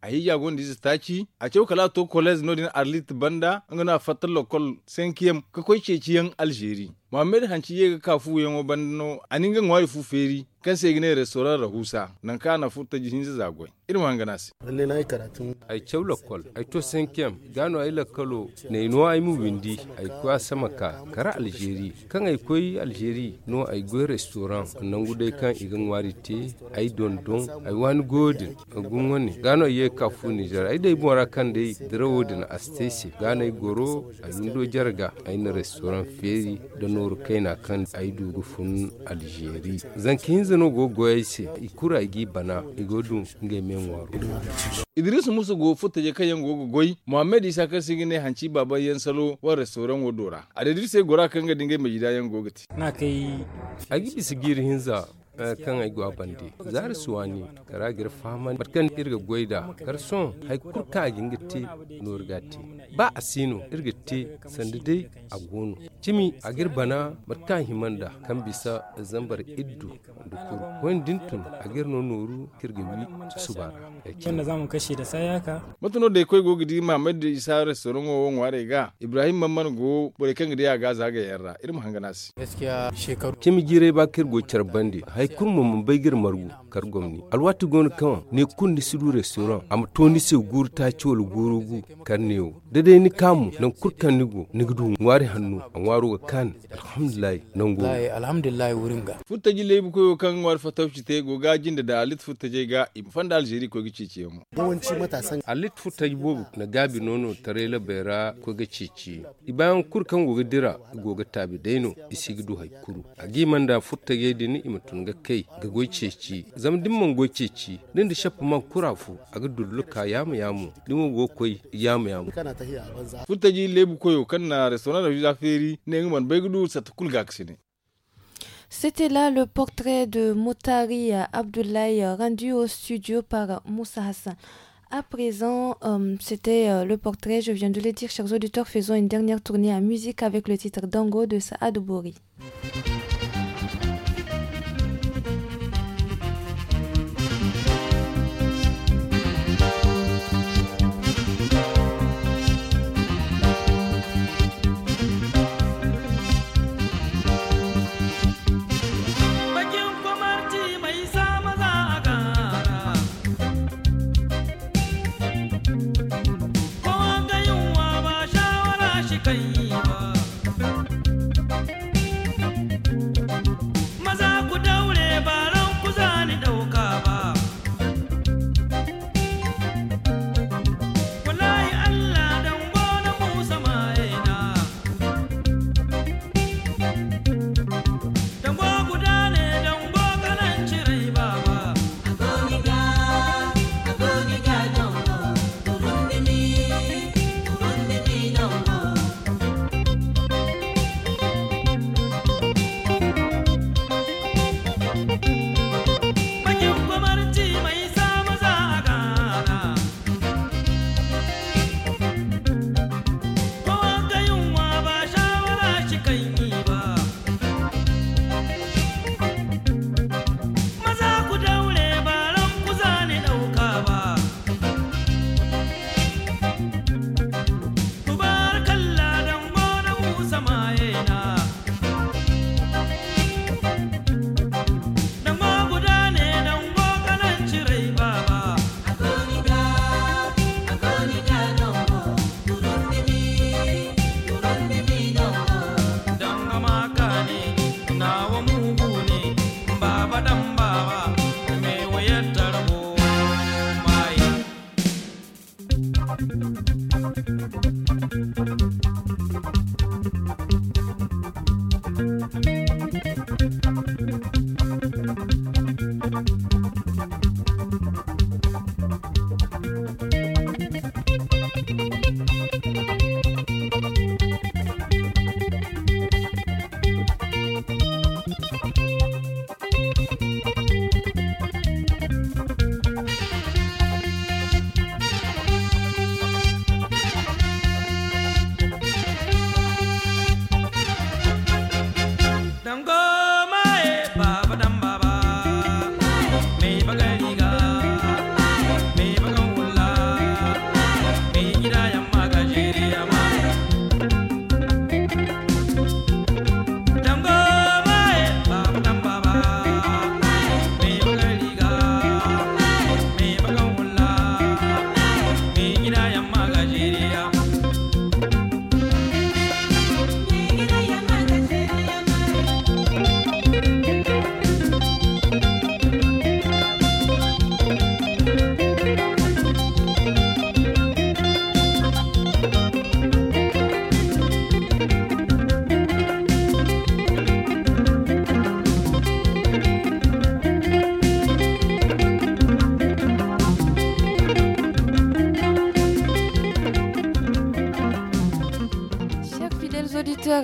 a yi jagon da taci a cewa kala to kolez no din arlit banda an gana fatar lokol senkiyam ka koi ceci yan algeri Muhammad hanci ye ka kafu yan wabanda no aningan wari fu feri kan sai gine restoran rahusa nan na furta jihin zagwai irin wanga nasi lalle na yi karatun ai kyau lokol ai to san kyam gano ai lokalo ne no ai mu windi ai kwa sama ka kara aljeri kan ai koi aljeri no ai go restoran nan gudai kan igan warite ai don don ai wani godin gun wani gano ye kafu nijar ai dai bora kan dai drawodin astesi gano ai goro ai lundo jarga ai na restoran feri da noru kaina kan ai dugu fun aljeri zan kinza izinu ya goyise ikura igi bana igodu nge menwaru idris musu go futa je kayan go goy muhammad isa ka ne hanci baba yan salo wa restaurant wadora dora a da dirse gora kan ga dinge mai gidayen gogati na kai agi hinza Eh, kan aigwa bande zar suwani karagir faman barkan irga goida karson hay kurka jingirte norgati ba asino irgirte sandide agunu gono agir bana girbana barkan himanda kan bisa zambar iddu dukur wani dintun a girno noru kirgawi subara eh, kin da zamu kashi da sayaka mutuno da koi gogidi mamad isa restaurant won ware ga ibrahim mamman go bore kan gidi ya ga zaga yarra irin hanganasi gaskiya shekaru cimi jire ba kirgo charbande ai kurma mun bay gir margu kar gomni alwati gon kan ne kunni sidu restaurant am toni se gur ta ciwol gurugu de de ni kamu nan kurkan nigo nigdu ngwari hannu an waru ga kan alhamdulillah nan go alhamdulillah wurin ga futtaji lebu ko kan war tawci te go gajin da alit futtaje ga fanda aljeri ko gici ce mu yawanci matasan alit futtaji bobu na gabi nono tarela bera ko ga cici ibayan kurkan go gidira go ga tabi daino isigdu haikuru agi manda futtaje dini imatun ga kai ga goice ci lebu C'était là le portrait de Motari Abdoulaye rendu au studio par Moussa Hassan. À présent, euh, c'était euh, le portrait, je viens de le dire, chers auditeurs, faisons une dernière tournée à musique avec le titre Dango de Saad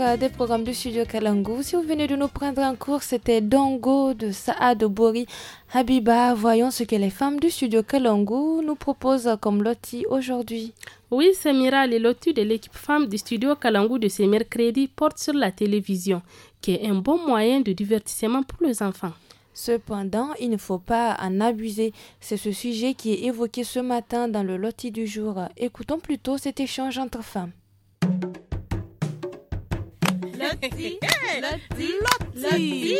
Euh, des programmes du studio Kalangu. Si vous venez de nous prendre en cours, c'était Dongo de Saad Bori Habiba. Voyons ce que les femmes du studio Kalangu nous proposent comme loti aujourd'hui. Oui, Samira, les lotis de l'équipe femme du studio Kalangu de ce mercredi portent sur la télévision, qui est un bon moyen de divertissement pour les enfants. Cependant, il ne faut pas en abuser. C'est ce sujet qui est évoqué ce matin dans le loti du jour. Écoutons plutôt cet échange entre femmes. Loti, loti,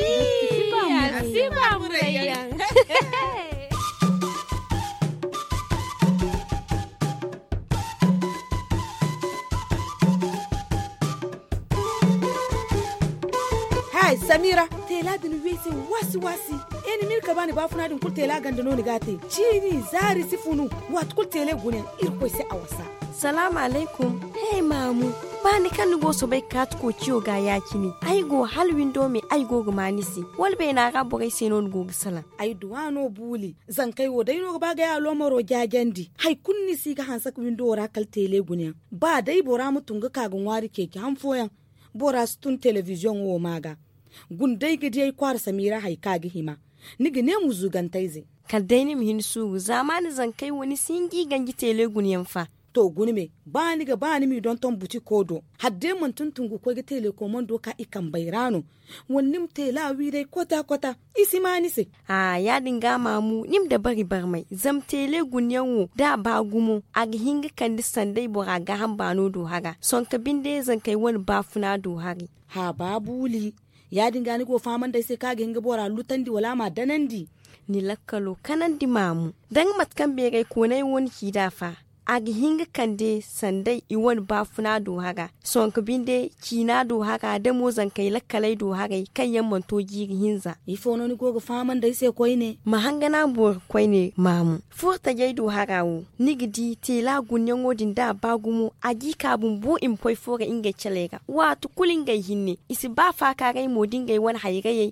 Hai Samira, tela din wese wasi wasi. Eni mir ka bani bafuna din kul tela ganda zari sifunu wat kul tele gunen ir awasa. salamu alaikum hey mamu bani kan go so bai kat ko ciyo ga yakini ai go hal window me ai go manisi wal bai na ga bogai sai non go sala ai no buli zan kai wo dai no ba ga yalo maro jagendi hai kunni si ga hansa window ra kal tele gunya ba dai bora mutun ga kagun wari keke han foyan bora stun television wo maga gun dai ga dai kwar samira hai ga hima nigi ne mu zugantaize kal dai ni mu hin su zamani zan kai wani singi gangi tele gunyan fa to gunme bani ga bani mi don ton buti kodo hadde mun tuntungu ko ga tele ko mon ka ikan bairano wannim tela dai kwata kota isi mani se a ya dinga mamu nim da bari bar mai zam tele gunyanwo da ba gumo a ga hinga kan di sandai bora ga banu do haga son ka binde zan kai wani bafuna do hari ha babuli ya dinga ni go faman dai sai ka ga hinga bora lutandi wala ma danandi ni lakkalo kanandi mamu dan matkan be ko nai woni ki ag hinga kande sandai iwan bafuna do haga sonk binde kina do haga da mo kai lakkalai do haga kan yamman manto giri hinza ifo no ni gogo faman da sai koi ne mahangana bor koi ne mamu furta jai do haga wo nigidi tela gunyan wodin da bagumu agi kabin bu in poi fora inga chalega wa to kulin gai hinne isi ba fa ka gai modin gai haigaye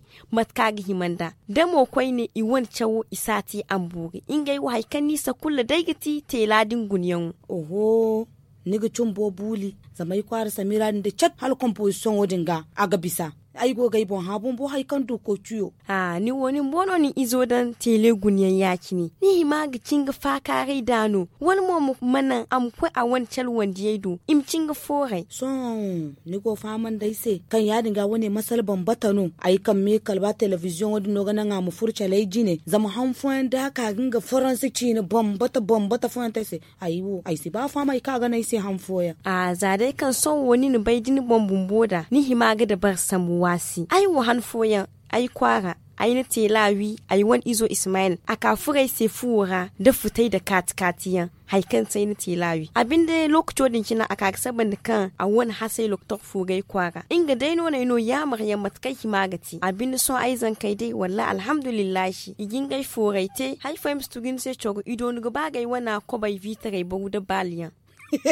gi himanda da mo koi ne iwan chawo isati ambuge inga iwa haikan nisa kula daigati tela din guni yau oho nigi chumbo buli zamai kwara samira da chat hal composition wodin ga aga bisa ai go gai bon ha bo hai kan doko ko tuyo ha ni woni mbono ni izo dan tele gunyan yaki ni ni ma ga kinga fa kare dano wal mo manan am ko a wan chal wanda yayi im kinga fore son ni go fa man dai se kan ya dinga wani masal bambata no ai kan me kalba television wadi no ganan am furcha lai jine zama han fuan da ka ginga faransi ci ni bambata bata fuan ta se ai wo ai si ba fa mai ka ga nai se han foya a dai kan son woni ni bai dini bombumboda ni hima ga da bar samuwa wasi ai wo han foyan ai kwara aina telawi ai wan izo ismail a kafurai se fura da futai da katikatiyan haikan sai na telawi abin da lokacin kina a saban da kan a wani hasai lokacin fugai kwara inga dai nuna ino ya marya matakai himagati abin so son zan kai dai walla alhamdulillah igin gai furai te haifai fam gin se chogo ido nuga bagai wana kobai vitare e bagu da baliyan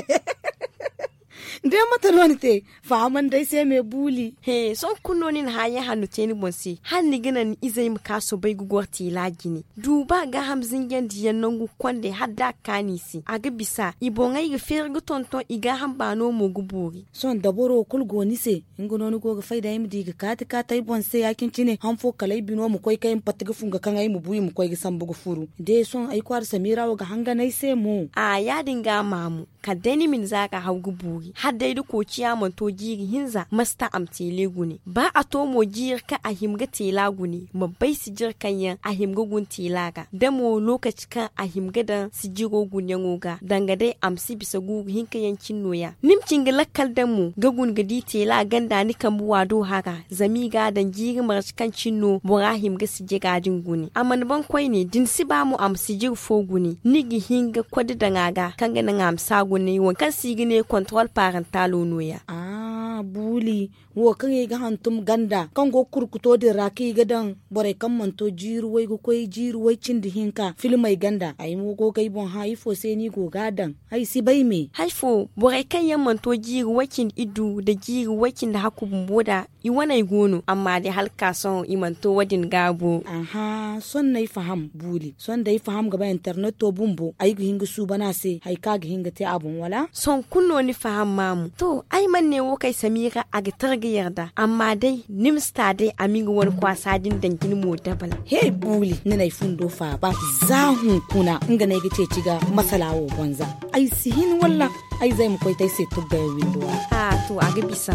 nde mataloni te faman dai sai me buli he son kunnoni na hanya hanu teni ni hanni gina ni izai mu kaso bai gugwar te lagini duba ga hamzin yan diyan nan gu kwande hadda kanisi aga bisa ibon ai fer tonton iga ham bano mu gubori son daboro kulgo ni se ingono ni go ga faida yim diga kati ka tai bonse yakin cine hanfo kalai bino mu koi kai patiga funga kan ai mu buyi mu koi ga sambu furu de son kwar samira ga hanga nai se mu a ya dinga mamu ka deni min zaka hau buri har dai duk kociya manto giri hinza masta amte tele ba a to mo ka a himga tela guni ma bai si jirkan yan a himga gun tela ga da lokaci kan a himga dan si jiro gun yan oga danga dai amsi bisa gugu hinka yankin noya nimcin ga lakkal da mu ga gun gadi tela ganda ni kan buwa do haka zami ga dan giri mar kan cinno bora himga si jiga din gune amman ban kwai ne din si ba mu amsi jir fo gune nigi hinga kwadi da ngaga kan ga na ngam ne gune wankan sigi ne control pa faran talo noya a ah, buli wo kan ga hantum ganda kan go kurkuto da raki ga dan bore kan manto jiru wai go koi jiru wai cin hinka filmai ganda ai mo go kai bon haifo sai ni go gadan ai si bai me haifo bore kan yan manto jiru wakin idu da jiru wakin da haku boda i wanai gono amma dai halka son i manto wadin gabo aha son nai faham buli son dai faham ga internet to bumbo ai go hinga su bana se k'a ga hinga te abun wala son kunno ni faham mamu to ai man ne wokai samira a ga targa yarda amma dai nimsta dai amiga wani kwasa din dangin mu dabal he buli na nai fundo fa ba zahun kuna inga na gice ciga masalawo gonza. ai sihin walla ai zai mu koi tai sai tugga windowa. a to a ga bisa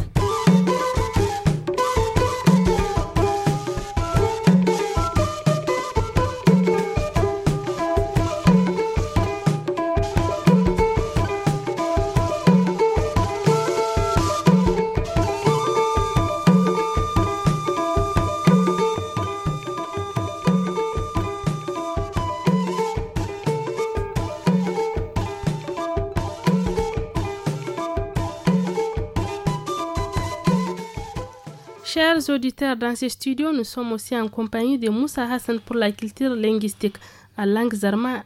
Chers auditeurs, dans ce studio, nous sommes aussi en compagnie de Moussa Hassan pour la culture linguistique en langue zarma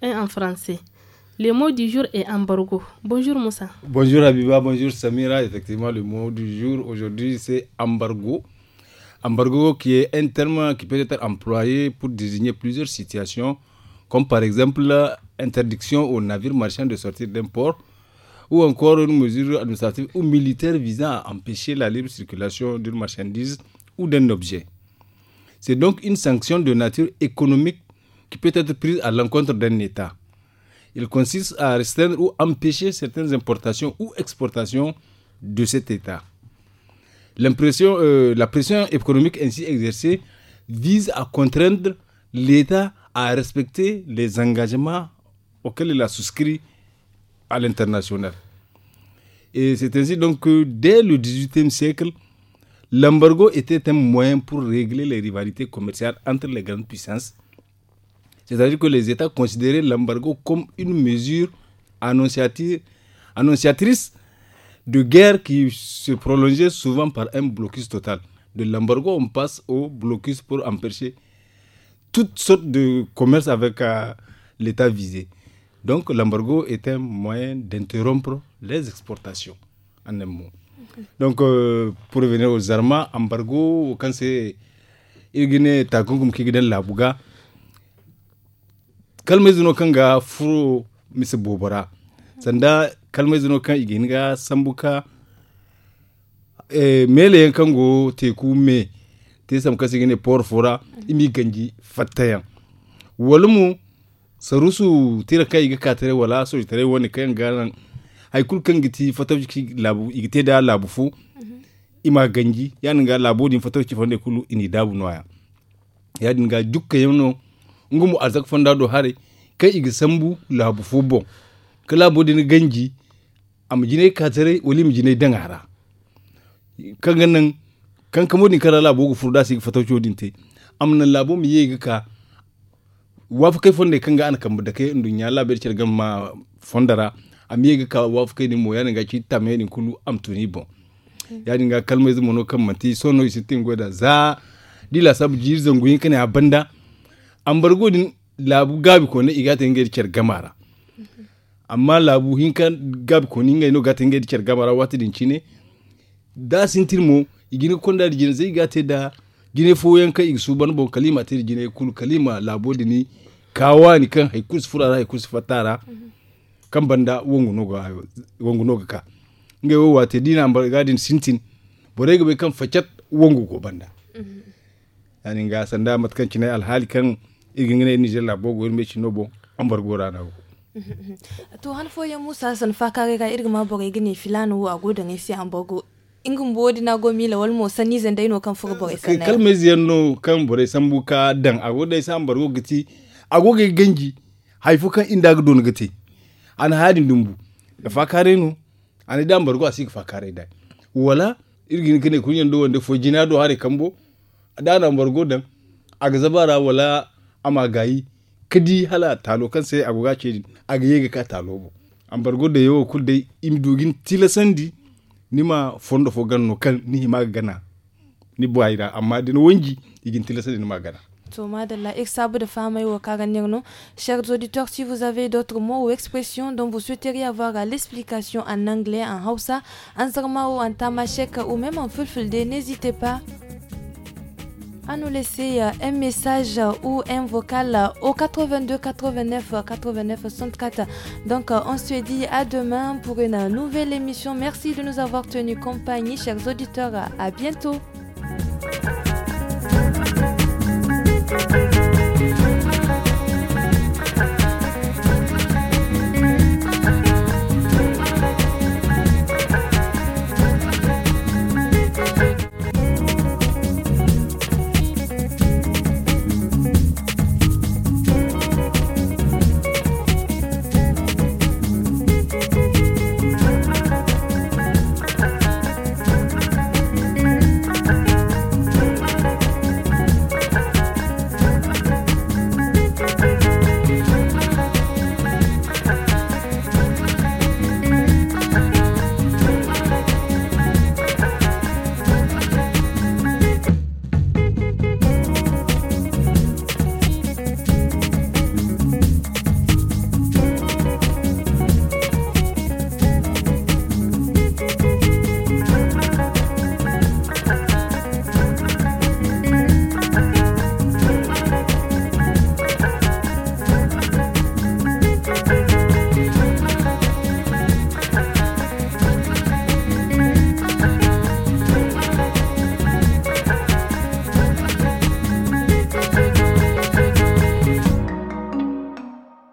et en français. Le mot du jour est embargo. Bonjour Moussa. Bonjour Abiba, bonjour Samira. Effectivement, le mot du jour aujourd'hui c'est embargo. Embargo qui est un terme qui peut être employé pour désigner plusieurs situations, comme par exemple interdiction aux navires marchands de sortir d'un port ou encore une mesure administrative ou militaire visant à empêcher la libre circulation d'une marchandise ou d'un objet. C'est donc une sanction de nature économique qui peut être prise à l'encontre d'un État. Il consiste à restreindre ou empêcher certaines importations ou exportations de cet État. L'impression, euh, la pression économique ainsi exercée vise à contraindre l'État à respecter les engagements auxquels il a souscrit à l'international. Et c'est ainsi donc que dès le XVIIIe siècle, l'embargo était un moyen pour régler les rivalités commerciales entre les grandes puissances. C'est-à-dire que les États considéraient l'embargo comme une mesure annonciatrice, de guerre qui se prolongeait souvent par un blocus total. De l'embargo, on passe au blocus pour empêcher toutes sortes de commerce avec euh, l'État visé. Donc l'embargo est un moyen d'interrompre les exportations, en un mot. Donc euh, pour revenir aux armes, embargo, quand c'est... irgine takunkum ki gidan labuga kalmezi zino kanga ga furo sanda kalmai zino kan igin sambuka e, mele yan kango teku me te sam kasi gine por fora mhm. imi ganji Ou walumu sarusu tira kai iga ka tare wala so tare wani kayan garan haikul kan giti fatawci labu igite da labu fu mhm. ima ganji ya ninga labu din fatawci fande kulu ini dabu noya ya ga dukka yamno ngumu arzak fonda do hare kai igi sambu labu fu bon ka labu din ganji am jine ka tare wali mi jine dangara kan ganan kan kamodin din labu labo gu furda sig fatawci din te amna labu mi yega ka wafu kai fonde kanga an kamba da kai ndun ya labar cer ma fondara amiye ka wafu kai ni mo ga nga ci tame ni kulu am tuni bon ya nga kalma zumo no kam manti sono isitin goda za dila sabu jir zangu yin kana banda an bar godin labu gabi ko ne igata ngir cer gamara amma labu hinka gabi ko ninga no gata ngir cer gamara wati din cine da sintirmo igini konda jin zai gate da jine foyan ka su ban bon kalima tir jine kul kalima labo dini kawa ni kawani kan haikus furara haikus fatara kan banda wongu noga wongu noga ka nge wo wate dina mbar gadin sintin borega be kan facet wongu ko banda yani nga sanda mat kan cinai alhali kan igingine ni jella bogo irme cinobo ambar gorana ko to han fo ya musa san fa kare ga irga ma bogo igini filanu a godan isi ambogo ingin bodi na gomi la walmo sani zan dai no kan fuga bore sanna kal me ziyan no kan bore san buka dan ago dai san bargo gati a ge ganji haifu kan inda ga don gati an hadin dumbu da fakare no an dan bargo asik fakare dai wala irgin kene kunyan do wanda fo jina do hare kambo dana bargo dan ga zabara wala ama gayi kadi hala talo kan sai agoga ce ga yega ka talo bo an bargo da yawa kul dai im tilasandi ni ma fondo fo ganno kan ni ma gana ni boyira amma dina wonji igin tilasa ni ma gana Chers auditeurs, si vous avez d'autres mots ou expressions dont vous souhaiteriez avoir l'explication en anglais, en hausa, en zarma ou en tamashek ou même en fulfulde, n'hésitez pas à nous laisser euh, un message ou un vocal au 82 89 89 64. Donc, euh, on se dit à demain pour une nouvelle émission. Merci de nous avoir tenus compagnie, chers auditeurs. À bientôt.